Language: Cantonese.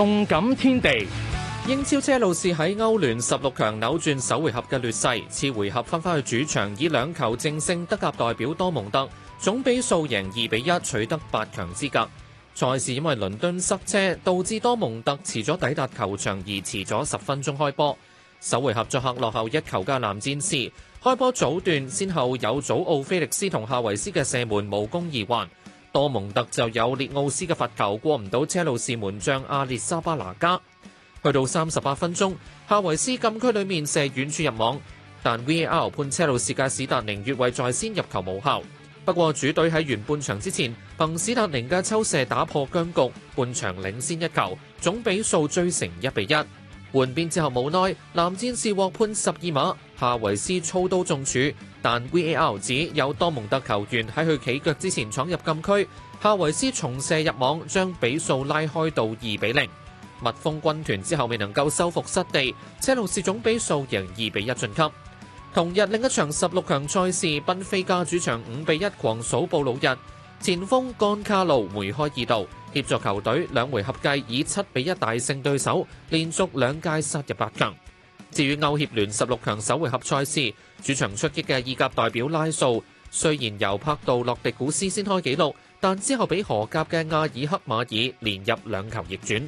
動感天地，英超車路士喺歐聯十六強扭轉首回合嘅劣勢，次回合翻返去主場以兩球淨勝德甲代表多蒙特，總比數贏二比一，取得八強資格。賽事因為倫敦塞車，導致多蒙特遲咗抵達球場而遲咗十分鐘開波。首回合作客落後一球嘅藍戰士，開波早段先後有祖奧菲力斯同夏維斯嘅射門無功而還。多蒙特就有列奧斯嘅罰球過唔到車路士門將阿列沙巴拿加。去到三十八分鐘，夏維斯禁區裏面射遠處入網，但 VAR 判車路士嘅史達寧越位在先，入球無效。不過主隊喺完半場之前憑史達寧嘅抽射打破僵局，半場領先一球，總比數追成一比一。換邊之後無奈，藍戰士獲判十二碼，夏維斯操刀中柱。但 VAR 指有多蒙特球員喺佢企腳之前闖入禁區，夏維斯重射入網，將比數拉開到二比零。蜜蜂軍團之後未能夠收復失地，車路士總比數贏二比一晉級。同日另一場十六強賽事，賓菲加主場五比一狂掃布魯日，前鋒干卡路梅開二度，協助球隊兩回合計以七比一大勝對手，連續兩屆殺入八強。至於歐協聯十六強首回合賽事，主場出擊嘅意甲代表拉素，雖然由帕杜洛迪古斯先開紀錄，但之後俾荷甲嘅亞爾克馬爾連入兩球逆轉。